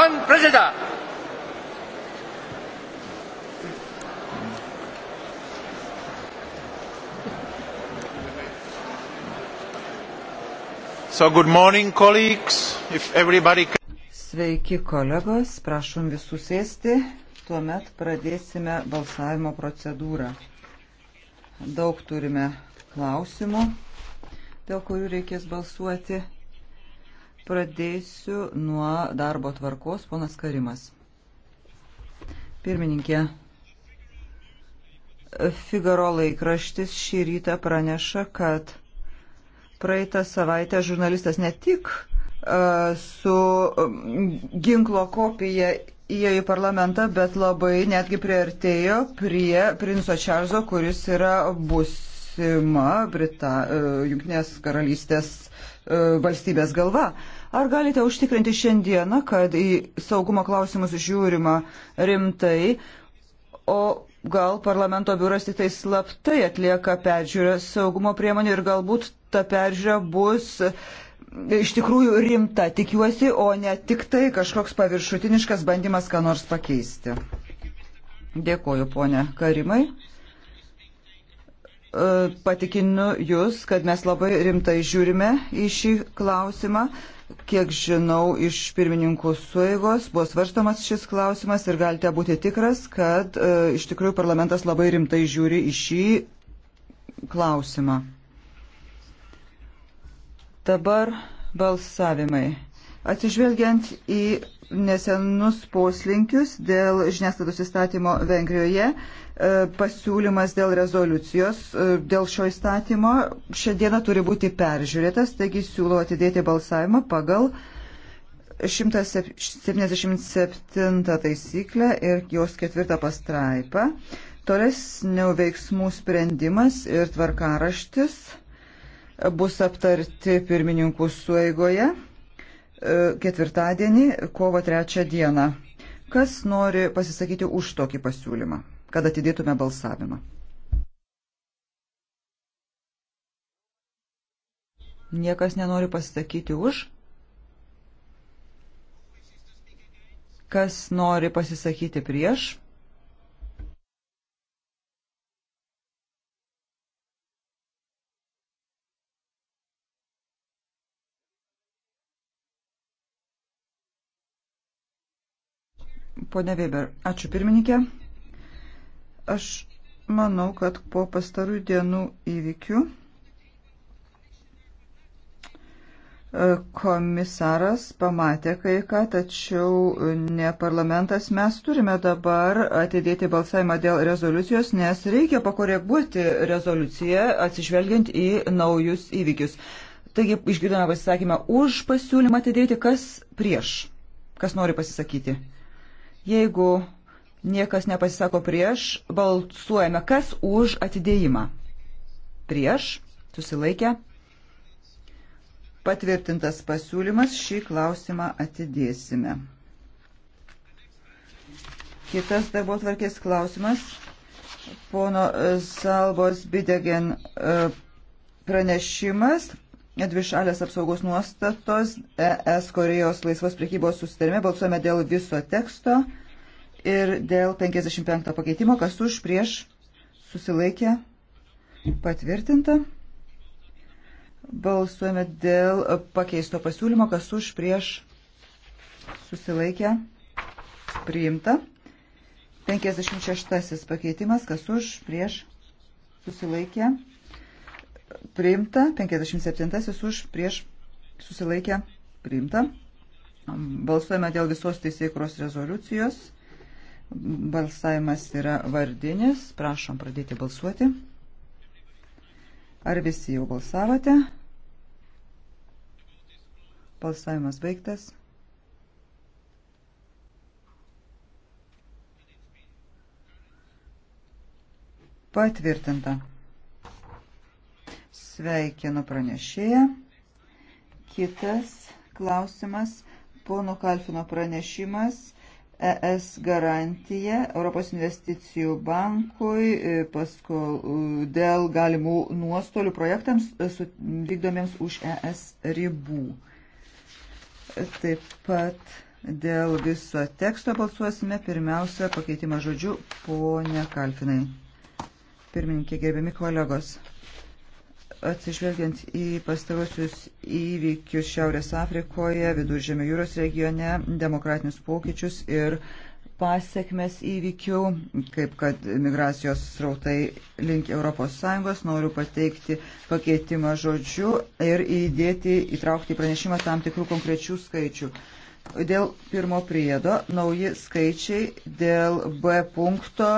Pan prezydent! So good morning, colleagues. If everybody can... Sveiki, kolegos. Prašom visų sėsti. Tuomet pradėsime balsavimo procedūrą. Daug turime klausimų, dėl kurių reikės balsuoti. Pradėsiu nuo darbo tvarkos, ponas Karimas. Pirmininkė, Figaro laikraštis šį rytą praneša, kad praeitą savaitę žurnalistas ne tik e, su ginklo kopija įėjo į parlamentą, bet labai netgi priartėjo prie princo Čarzo, kuris yra busima Brita, e, Junktinės karalystės e, valstybės galva. Uh, Ar galite užtikrinti šiandieną, kad į saugumo klausimus žiūrima rimtai, o gal parlamento biuras tik tai slaptai atlieka peržiūrę saugumo priemonių ir galbūt ta peržiūrė bus e, iš tikrųjų rimta, tikiuosi, o ne tik tai kažkoks paviršutiniškas bandymas ką nors pakeisti. Dėkoju, ponė Karimai e, patikinu Jūs, kad mes labai rimtai žiūrime į šį klausimą. Kiek žinau, iš pirmininkų suėgos buvo svarstamas šis klausimas ir galite būti tikras, kad e, iš tikrųjų parlamentas labai rimtai žiūri į šį klausimą. Dabar balsavimai. Atsižvelgiant į nesenus poslinkius dėl žiniasklaidos įstatymo Vengrijoje, e, pasiūlymas dėl rezoliucijos e, dėl šio įstatymo šiandieną turi būti peržiūrėtas, taigi siūlau atidėti balsavimą pagal 177 taisyklę ir jos ketvirtą pastraipą. Tolesnių veiksmų sprendimas ir tvarkaraštis bus aptarti pirmininkų sueigoje. E, ketvirtadienį, kovo trečią dieną. Kas nori pasisakyti už tokį pasiūlymą, kad atidėtume balsavimą? Niekas nenori pasisakyti už. Kas nori pasisakyti prieš? Pone Weber, ačiū pirmininkė. Aš manau, kad po pastarųjų dienų įvykių e, komisaras pamatė kai ką, tačiau ne parlamentas. Mes turime dabar atidėti balsavimą dėl rezoliucijos, nes reikia pakoreguoti rezoliuciją atsižvelgiant į naujus įvykius. Taigi išgirdome pasisakymą už pasiūlymą atidėti, kas prieš, kas nori pasisakyti. Jeigu niekas nepasisako prieš, balsuojame kas už atidėjimą. Prieš, susilaikę. Patvirtintas pasiūlymas, šį klausimą atidėsime. Kitas darbo tvarkės klausimas. Pono Salbos Bidegen e, pranešimas dvišalės apsaugos nuostatos ES Korejos laisvos priekybos susitarime. Balsuojame dėl viso teksto ir dėl 55 pakeitimo, kas už prieš susilaikė patvirtinta. Balsuojame dėl pakeisto pasiūlymo, kas už prieš susilaikė priimta. 56 pakeitimas, kas už prieš susilaikė priimta priimta, 57 už prieš susilaikę priimta. Balsuojame dėl visos teisėkros rezoliucijos. Balsavimas yra vardinis. Prašom pradėti balsuoti. Ar visi jau balsavote? Balsavimas baigtas. Patvirtinta. Sveikinu pranešėją. Kitas klausimas - pono Kalfino pranešimas. ES garantija Europos investicijų bankui e, paskol, e, dėl galimų nuostolių projektams e, vykdomiems už ES ribų. Taip pat dėl viso teksto balsuosime pirmiausia pakeitimą žodžiu, ponia Kalfinai. Pirmininkė, gerbiami kolegos atsižvelgiant į pastarosius įvykius Šiaurės Afrikoje, Viduržėmio jūros regione, demokratinius pokyčius ir pasiekmes įvykių, kaip kad migracijos srautai link ES, noriu pateikti pakeitimą žodžiu ir įdėti, įtraukti į pranešimą tam tikrų konkrečių skaičių. Dėl pirmo priedo nauji skaičiai, dėl B punkto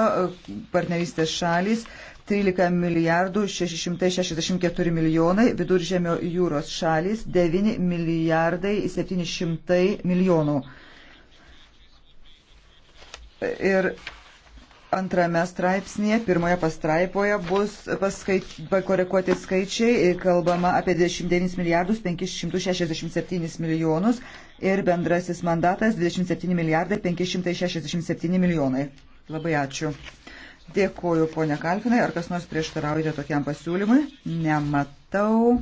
partnerystės šalys 13 milijardų 664 milijonai, viduržėmio jūros šalis 9 milijardai 700 milijonų. Ir antrame straipsnėje, pirmoje pastraipoje bus paskait, pakoreguoti skaičiai, kalbama apie 29 milijardus 567 milijonus ir bendrasis mandatas 27 milijardai 567 milijonai. Labai ačiū. Dėkuoju, ponia Kalfinai. Ar kas nors prieštaraujate tokiam pasiūlymui? Nematau.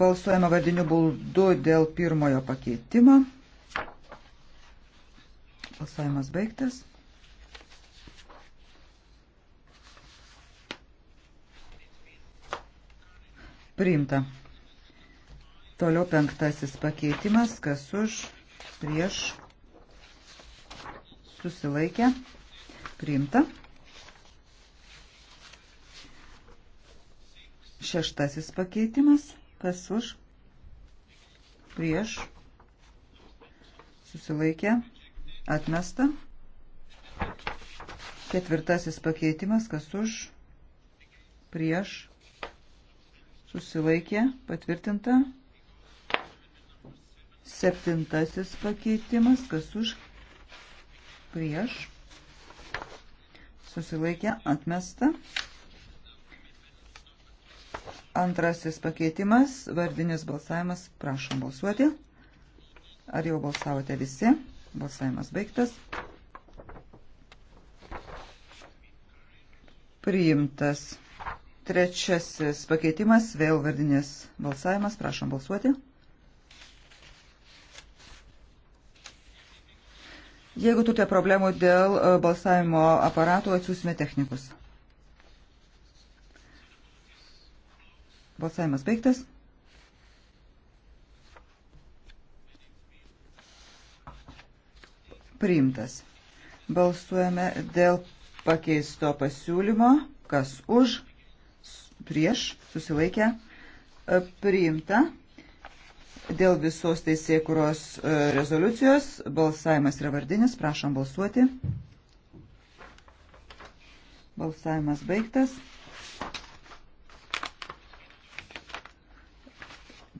Balsuojama vardiniu būdu dėl pirmojo pakeitimo. Balsavimas baigtas. Priimta. Toliau penktasis pakeitimas, kas už, prieš, susilaikė, priimta. Šeštasis pakeitimas, kas už, prieš, susilaikė, atmesta. Ketvirtasis pakeitimas, kas už, prieš, susilaikė, patvirtinta. Septintasis pakeitimas, kas už, prieš prieš, susilaikė atmesta. Antrasis pakeitimas, vardinis balsavimas, prašom balsuoti. Ar jau balsavote visi? Balsavimas baigtas. Priimtas. Trečiasis pakeitimas, vėl vardinis balsavimas, prašom balsuoti. Jeigu turite problemų dėl e, balsavimo aparatų, atsiūsime technikus. Balsavimas baigtas. Priimtas. Balsuojame dėl pakeisto pasiūlymo. Kas už, prieš, susilaikę, e, priimta. Dėl visos teisėkuros e, rezoliucijos balsavimas yra vardinis. Prašom balsuoti. Balsavimas baigtas.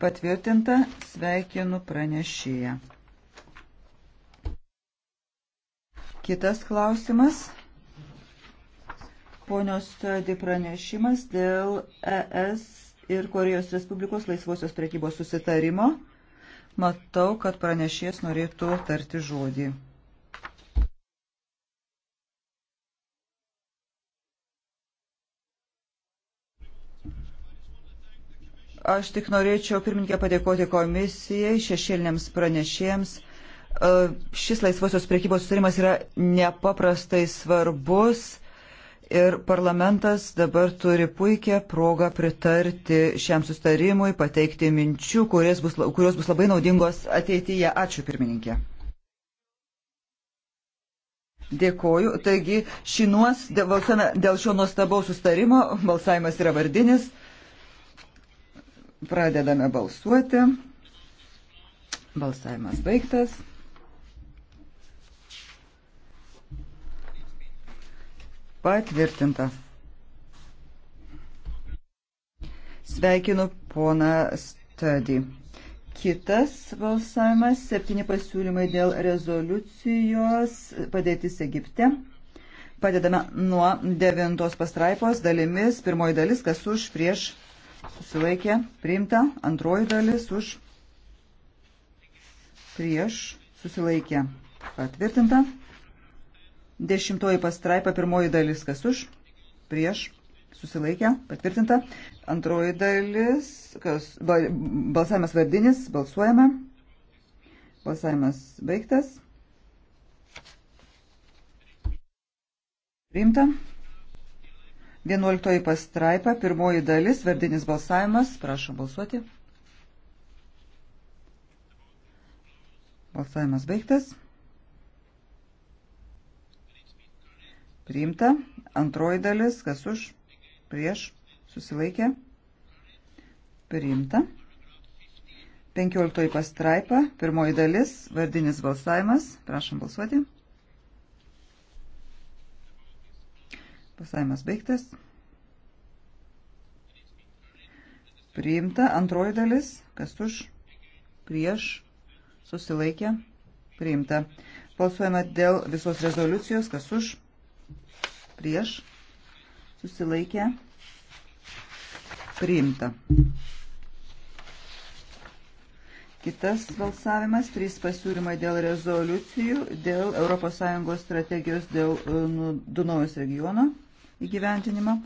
Patvirtinta, sveikinu pranešėją. Kitas klausimas. Ponios Tadi pranešimas dėl ES ir Korejos Respublikos laisvosios prekybos susitarimo. Matau, kad pranešės norėtų tarti žodį. Aš tik norėčiau pirmininkė padėkoti komisijai, šešėliniams pranešėjams. Šis laisvosios priekybos sutarimas yra nepaprastai svarbus Ir parlamentas dabar turi puikią progą pritarti šiam sustarimui, pateikti minčių, kurios bus, kurios bus labai naudingos ateityje. Ačiū pirmininkė. Dėkoju. Taigi, šinuos, dėl šio nuostabaus sustarimo balsavimas yra vardinis. Pradedame balsuoti. Balsavimas baigtas. patvirtinta. Sveikinu poną Stadį. Kitas balsavimas - septyni pasiūlymai dėl rezoliucijos padėtis Egipte. Padedame nuo devintos pastraipos dalimis. Pirmoji dalis, kas už, prieš, susilaikė, priimta. Antroji dalis už, prieš, susilaikė, patvirtinta. Dešimtoji pastraipa, pirmoji dalis, kas už, prieš, susilaikę, patvirtinta. Antroji dalis, kas, balsavimas vardinis, balsuojame. Balsavimas baigtas. Priimta. Vienuoliktoji pastraipa, pirmoji dalis, vardinis balsavimas, prašom balsuoti. Balsavimas baigtas. priimta. Antroji dalis, kas už, prieš, susilaikė, priimta. 15 pastraipa, pirmoji dalis, vardinis balsavimas, prašom balsuoti. Balsavimas baigtas. Priimta antroji dalis, kas už, prieš, susilaikė, priimta. Balsuojame dėl visos rezoliucijos, kas už, prieš prieš, susilaikę, priimta. Kitas balsavimas, trys pasiūlymai dėl rezoliucijų, dėl ES strategijos dėl e, nu, Dunojus regiono įgyventinimo.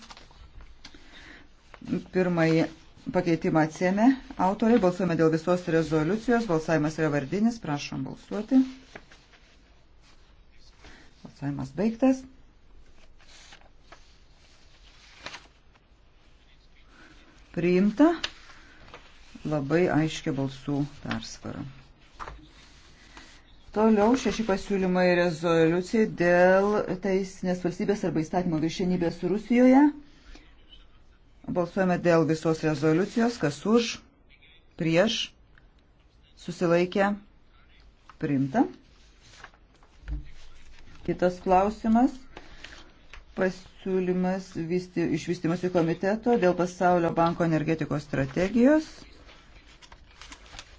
Pirmąjį pakeitimą atsėmė autoriai, balsuojame dėl visos rezoliucijos, balsavimas yra vardinis, prašom balsuoti. Balsavimas baigtas. priimta labai aiškia balsų persvara. Toliau šeši pasiūlymai rezoliucijai dėl teisinės valstybės arba įstatymo viršienybės Rusijoje. Balsuojame dėl visos rezoliucijos, kas už, prieš, susilaikė, priimta. Kitas klausimas pasiūlymas vysti, iš vystimosi komiteto dėl pasaulio banko energetikos strategijos.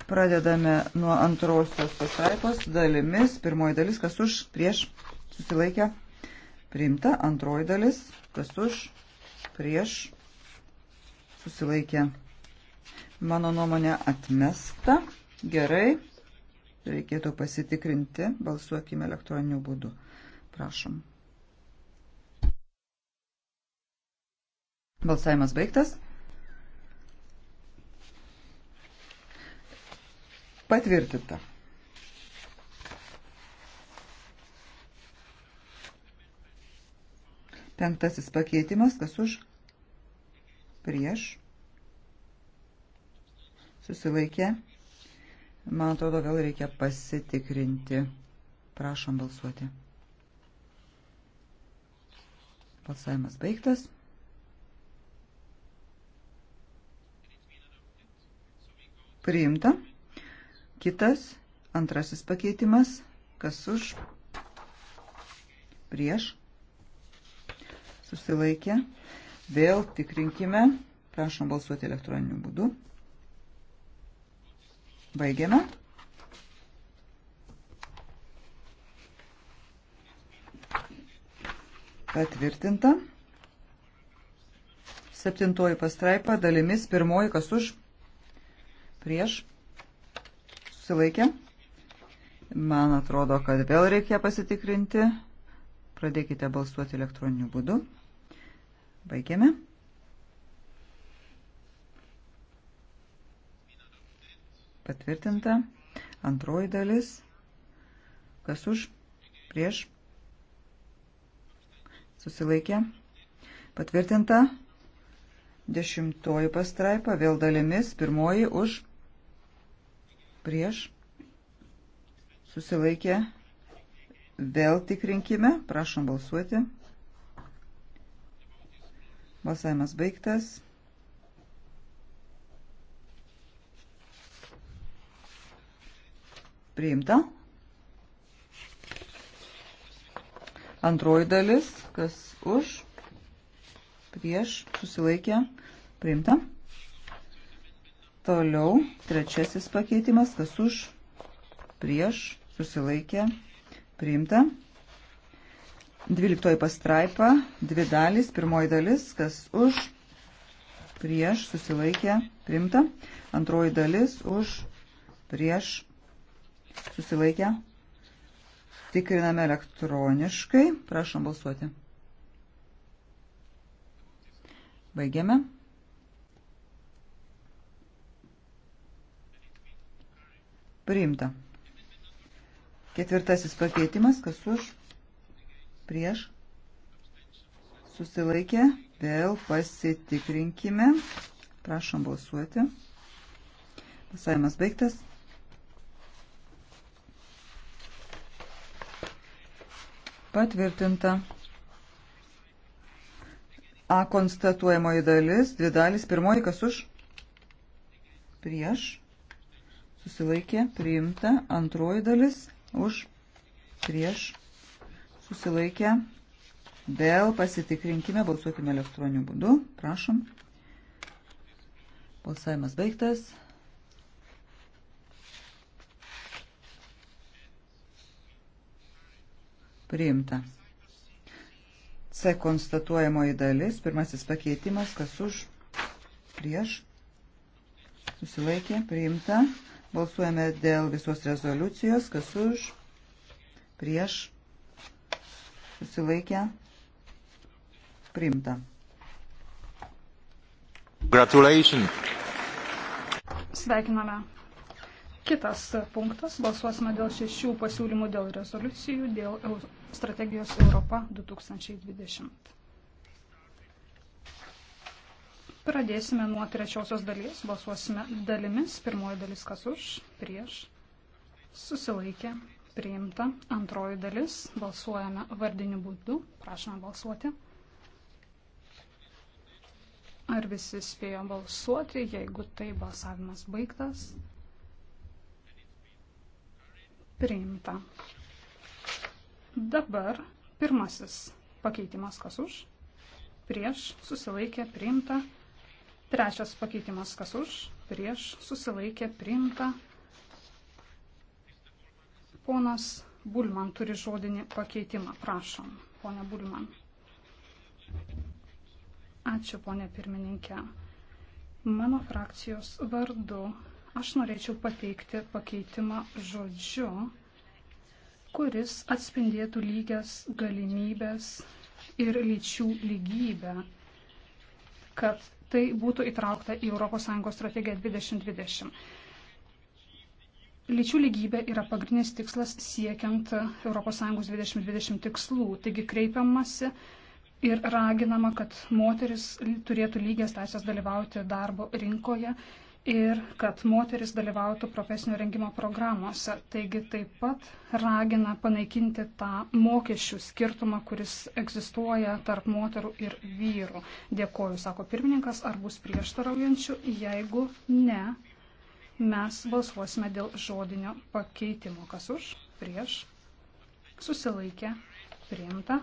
Pradedame nuo antrosios pastraipos dalimis. Pirmoji dalis, kas už, prieš, susilaikę, priimta. Antroji dalis, kas už, prieš, susilaikę. Mano nuomonė atmesta. Gerai. Reikėtų pasitikrinti. Balsuokime elektroniniu būdu. Prašom. Balsavimas baigtas. Patvirtinta. Penktasis pakeitimas, kas už prieš susilaikė. Man atrodo, vėl reikia pasitikrinti. Prašom balsuoti. Balsavimas baigtas. Priimta. Kitas, antrasis pakeitimas, kas už, prieš, susilaikė. Vėl tikrinkime, prašom balsuoti elektroniniu būdu. Baigiame. Patvirtinta. Septintoji pastraipa dalimis pirmoji, kas už prieš, susilaikė. Man atrodo, kad vėl reikia pasitikrinti. Pradėkite balsuoti elektroniniu būdu. Baigėme. Patvirtinta. Antroji dalis. Kas už? Prieš. Susilaikė. Patvirtinta. Dešimtoji pastraipa. Vėl dalimis. Pirmoji už prieš, susilaikė, vėl tikrinkime, prašom balsuoti. Balsavimas baigtas. Priimta. Antroji dalis, kas už, prieš, susilaikė, priimta. Toliau trečiasis pakeitimas, kas už, prieš, susilaikė, priimta. Dvyliktoji pastraipa, dvi dalys, pirmoji dalis, kas už, prieš, susilaikė, priimta. Antroji dalis, už, prieš, susilaikę. Tikriname elektroniškai. Prašom balsuoti. Baigiame. Priimta. Ketvirtasis pakeitimas, kas už, prieš, susilaikė, vėl pasitikrinkime, prašom balsuoti. Pasavimas baigtas. Patvirtinta. A konstatuojamoji dalis, dvi dalis, pirmoji kas už, prieš, susilaikė priimta. Antroji dalis už prieš susilaikė. Vėl pasitikrinkime, balsuokime elektroniniu būdu. Prašom. Balsavimas baigtas. Priimta. C konstatuojamoji dalis, pirmasis pakeitimas, kas už, prieš, susilaikė, priimta. Priimta. Balsuojame dėl visos rezoliucijos, kas už, prieš, susilaikę, priimta. Congratulations. Sveikiname. Kitas punktas. Balsuosime dėl šešių pasiūlymų dėl rezoliucijų, dėl strategijos Europa 2020. Pradėsime nuo trečiosios dalies, balsuosime dalimis. Pirmoji dalis kas už, prieš, susilaikė, priimta. Antroji dalis, balsuojame vardiniu būdu, prašome balsuoti. Ar visi spėjo balsuoti, jeigu tai balsavimas baigtas? Priimta. Dabar pirmasis pakeitimas kas už, prieš, susilaikė, priimta. Trečias pakeitimas, kas už, prieš, susilaikė, priimta. Ponas Bulman turi žodinį pakeitimą. Prašom, ponė Bulman. Ačiū, ponė pirmininkė. Mano frakcijos vardu aš norėčiau pateikti pakeitimą žodžiu, kuris atspindėtų lygias galimybės ir lyčių lygybę kad tai būtų įtraukta į ES strategiją 2020. Lyčių lygybė yra pagrindinis tikslas siekiant ES 2020 tikslų, taigi kreipiamasi ir raginama, kad moteris turėtų lygias teisės dalyvauti darbo rinkoje ir kad moteris dalyvautų profesinio rengimo programuose. Taigi taip pat ragina panaikinti tą mokesčių skirtumą, kuris egzistuoja tarp moterų ir vyrų. Dėkoju, sako pirmininkas, ar bus prieštaraujančių. Jeigu ne, mes balsuosime dėl žodinio pakeitimo. Kas už, prieš, susilaikė, priimta.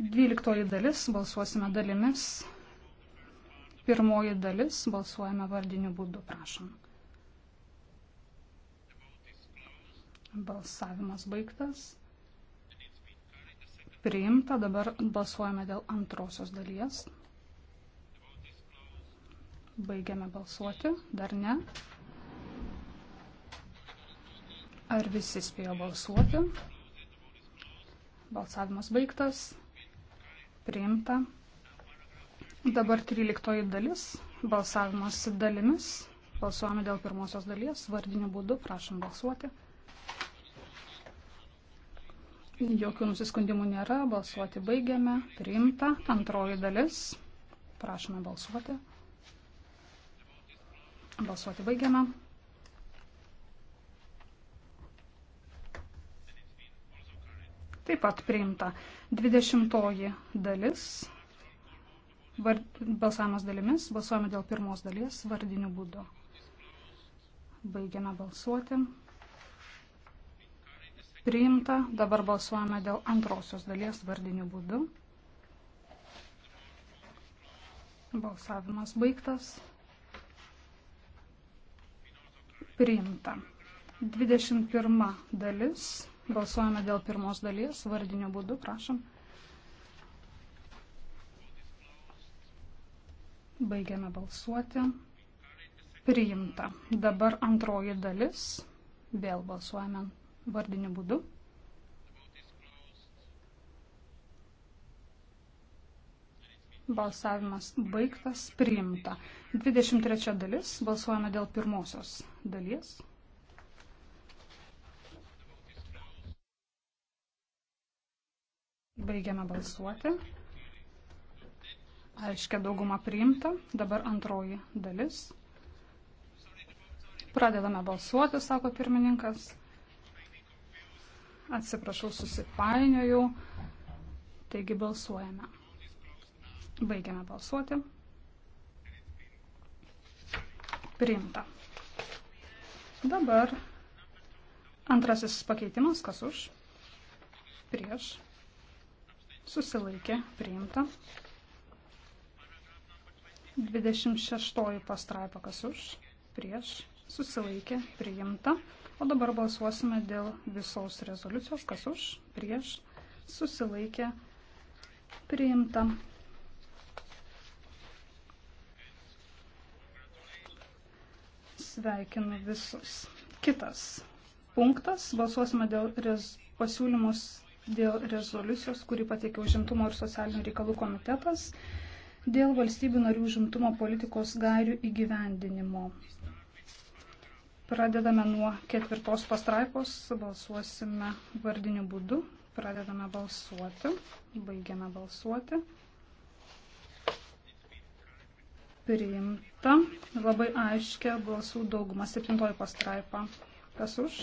Dvyliktoji dalis, balsuosime dalimis. Pirmoji dalis balsuojame vardiniu būdu, prašom. Balsavimas baigtas. Priimta, dabar balsuojame dėl antrosios dalies. Baigiame balsuoti, dar ne. Ar visi spėjo balsuoti? Balsavimas baigtas. Priimta. Dabar 13 dalis, balsavimas dalimis. Balsuojame dėl pirmosios dalies, vardiniu būdu, prašom balsuoti. Jokių nusiskundimų nėra, balsuoti baigiame, priimta, antroji dalis, prašome balsuoti. Balsuoti baigiame. Taip pat priimta 20 dalis, Vard, balsavimas dalimis. Balsuojame dėl pirmos dalies vardinių būdų. Baigiame balsuoti. Priimta. Dabar balsuojame dėl antrosios dalies vardinių būdų. Balsavimas baigtas. Priimta. 21 dalis. Balsuojame dėl pirmos dalies. Vardinių būdų, prašom. Baigiame balsuoti. Priimta. Dabar antroji dalis. Vėl balsuojame vardiniu būdu. Balsavimas baigtas, priimta. 23 dalis, balsuojame dėl pirmosios dalies. Baigiame balsuoti aiškia dauguma priimta. Dabar antroji dalis. Pradedame balsuoti, sako pirmininkas. Atsiprašau, susipainiojau. Taigi balsuojame. Baigiame balsuoti. Priimta. Dabar antrasis pakeitimas, kas už, prieš, susilaikė, priimta. Priimta. 26 pastraipa kas už, prieš, susilaikė, priimta. O dabar balsuosime dėl visos rezoliucijos, kas už, prieš, susilaikė, priimta. Sveikinu visus. Kitas punktas. Balsuosime dėl rez, pasiūlymus dėl rezoliucijos, kurį pateikė užimtumo ir socialinių reikalų komitetas dėl valstybių narių užimtumo politikos gairių įgyvendinimo. Pradedame nuo ketvirtos pastraipos, balsuosime vardiniu būdu, pradedame balsuoti, baigiame balsuoti. Priimta labai aiškia balsų dauguma, septintoji pastraipa. Kas už?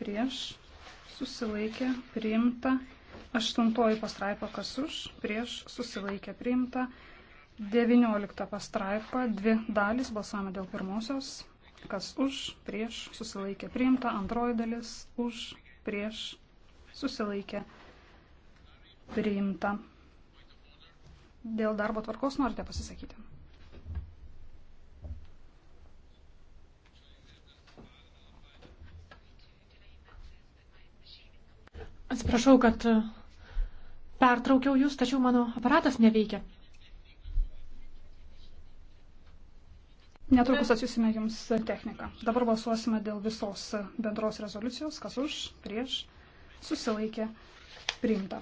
Prieš? Susilaikė? Priimta? Aštuntoji pastraipa kas už, prieš susilaikė priimta. Deviniolikta pastraipa, dvi dalis, balsuojame dėl pirmosios, kas už, prieš susilaikė priimta. Antroji dalis, už, prieš susilaikė priimta. Dėl darbo tvarkos norite pasisakyti? Atsiprašau, kad pertraukiau jūs, tačiau mano aparatas neveikia. Netrukus atsiusime jums techniką. Dabar balsuosime dėl visos bendros rezoliucijos, kas už, prieš, susilaikė, priimta.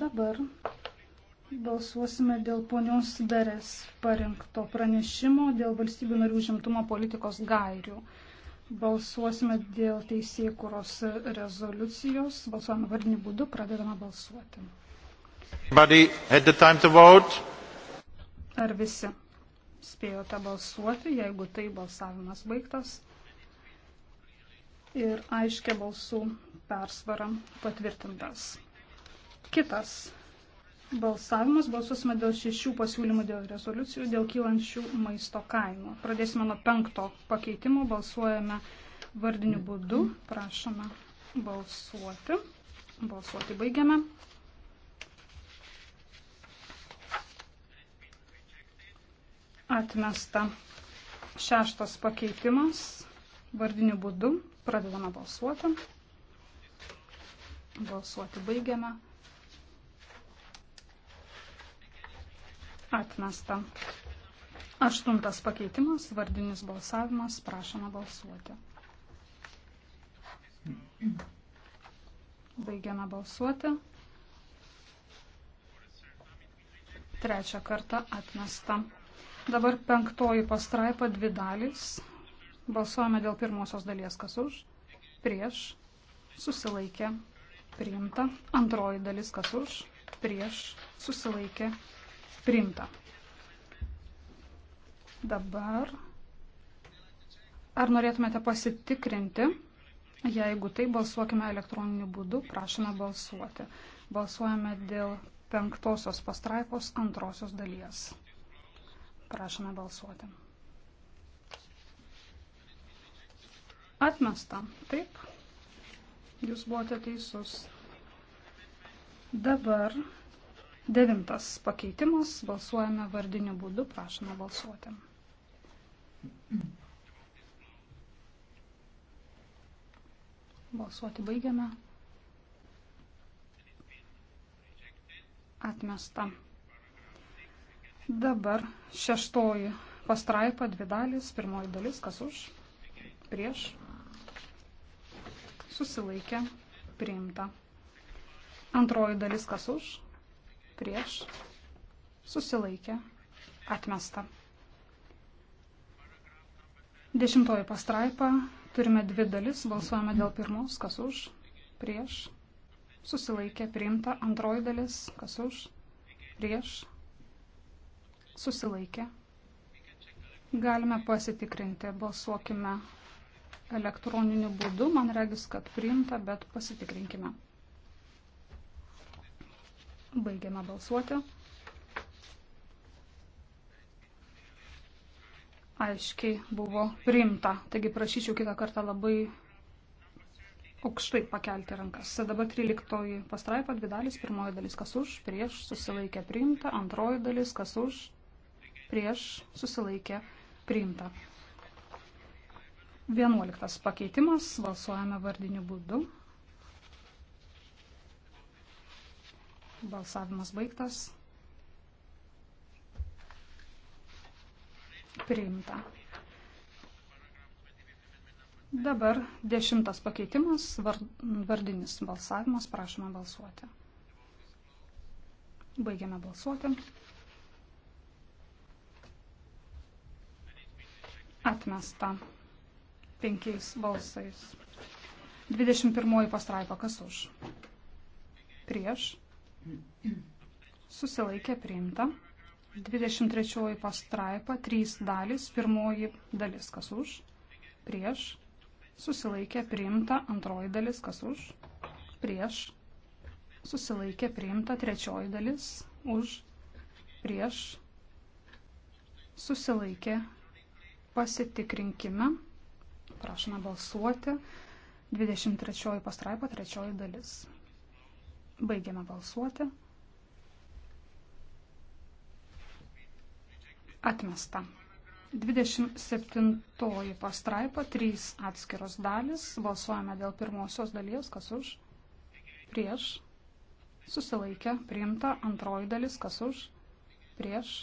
Dabar balsuosime dėl ponios Beres parengto pranešimo dėl valstybių narių žimtumo politikos gairių. Balsuosime dėl teisėkuros rezoliucijos. Balsuojame vardiniu būdu, pradedame balsuoti. Ar visi spėjote balsuoti, jeigu tai balsavimas baigtas? Ir aiškia balsų persvara patvirtintas. Kitas balsavimas. Balsuosime dėl šešių pasiūlymų dėl rezoliucijų, dėl kylančių maisto kainų. Pradėsime nuo penkto pakeitimo. Balsuojame vardiniu būdu. Prašome balsuoti. Balsuoti baigiame. Atmesta šeštas pakeitimas. Vardiniu būdu. Pradedame balsuoti. Balsuoti baigiame. Atmesta. Aštuntas pakeitimas, vardinis balsavimas, prašoma balsuoti. Baigiame balsuoti. Trečią kartą atmesta. Dabar penktoji pastraipa dvi dalys. Balsuojame dėl pirmosios dalies, kas už, prieš, susilaikė, priimta. Antroji dalis, kas už, prieš, susilaikė, priimta Priimta. Dabar. Ar norėtumėte pasitikrinti? Jeigu tai, balsuokime elektroniniu būdu, prašome balsuoti. Balsuojame dėl penktosios pastraipos antrosios dalies. Prašome balsuoti. Atmesta. Taip. Jūs buvote teisus. Dabar Devintas pakeitimas. Balsuojame vardiniu būdu. Prašome balsuoti. Balsuoti baigiame. Atmesta. Dabar šeštoji pastraipa, dvi dalis, pirmoji dalis, kas už, prieš, susilaikė, priimta. Antroji dalis, kas už, prieš, susilaikė, atmesta. Dešimtoji pastraipa, turime dvi dalis, balsuojame dėl pirmos, kas už, prieš, susilaikė, priimta, antroji dalis, kas už, prieš, susilaikė. Galime pasitikrinti, balsuokime elektroniniu būdu, man regis, kad priimta, bet pasitikrinkime. Baigiame balsuoti. Aiškiai buvo priimta. Taigi prašyčiau kitą kartą labai aukštai pakelti rankas. Dabar 13 pastraipa, dvi dalis, pirmoji dalis kas už, prieš susilaikė priimta, antroji dalis kas už, prieš susilaikė priimta. 11 pakeitimas, balsuojame vardiniu būdu. Balsavimas baigtas. Priimta. Dabar dešimtas pakeitimas, vardinis balsavimas, prašome balsuoti. Baigiame balsuoti. Atmesta penkiais balsais. 21 pastraipa kas už? Prieš Susilaikė priimta. 23 pastraipa, 3 dalys, pirmoji dalis kas už, prieš, susilaikė priimta, antroji dalis kas už, prieš, susilaikė priimta, trečioji dalis už, prieš, susilaikė pasitikrinkime, prašome balsuoti, 23 pastraipa, trečioji dalis. Baigiame balsuoti. Atmesta. 27 pastraipa, 3 atskiros dalis. Balsuojame dėl pirmosios dalies, kas už, prieš, susilaikė, priimta. Antroji dalis, kas už, prieš,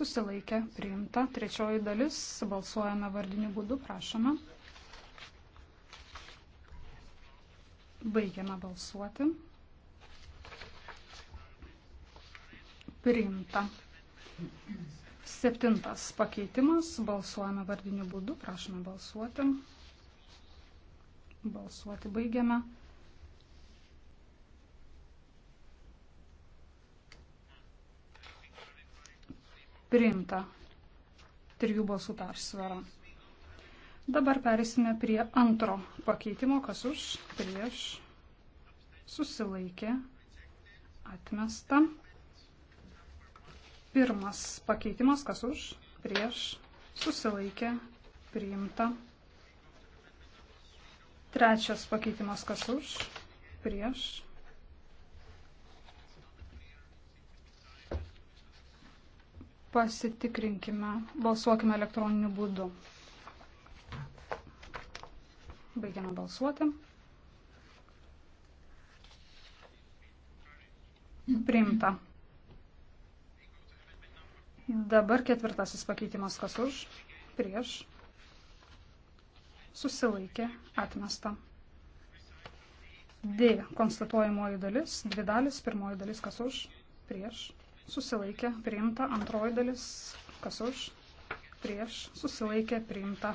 susilaikė, priimta. Trečioji dalis, balsuojame vardiniu būdu, prašome. Baigiame balsuoti. priimta. Septintas pakeitimas. Balsuojame vardiniu būdu. Prašome balsuoti. Balsuoti baigiame. Priimta. Trijų balsų persvara. Dabar perėsime prie antro pakeitimo, kas už, prieš, susilaikė, atmesta. Pirmas pakeitimas, kas už, prieš, susilaikė, priimta. Trečias pakeitimas, kas už, prieš. Pasitikrinkime, balsuokime elektroniniu būdu. Baigiame balsuoti. Priimta. Mm -hmm. Dabar ketvirtasis pakeitimas kas už, prieš, susilaikė, atmesta. D. Konstatuojamoji dalis, dvi dalis, pirmoji dalis kas už, prieš, susilaikė, priimta, antroji dalis kas už, prieš, susilaikė, priimta.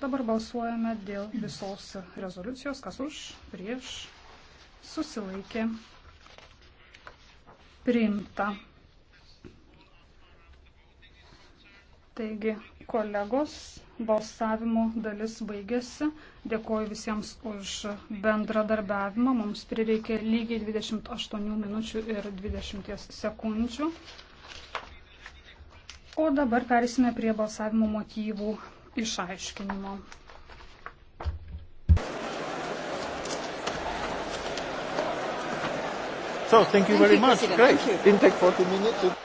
Dabar balsuojame dėl visos rezoliucijos, kas už, prieš, susilaikė, priimta. Taigi, kolegos, balsavimo dalis baigėsi. Dėkoju visiems už bendradarbiavimą. Mums prireikė lygiai 28 minučių ir 20 sekundžių. O dabar perėsime prie balsavimo motyvų išaiškinimo. So, thank you very much. Great. Didn't take 40 minutes.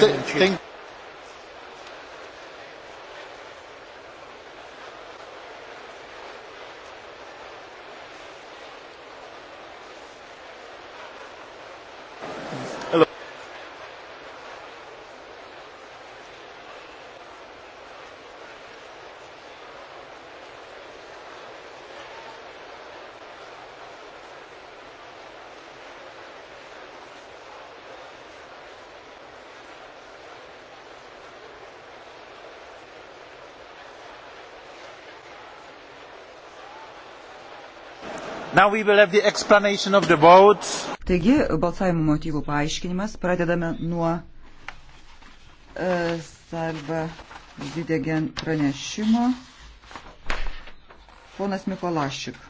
think, think Taigi, balsavimo motyvų paaiškinimas. Pradedame nuo uh, e, Salva Zidegen pranešimo. Ponas Mikolašik.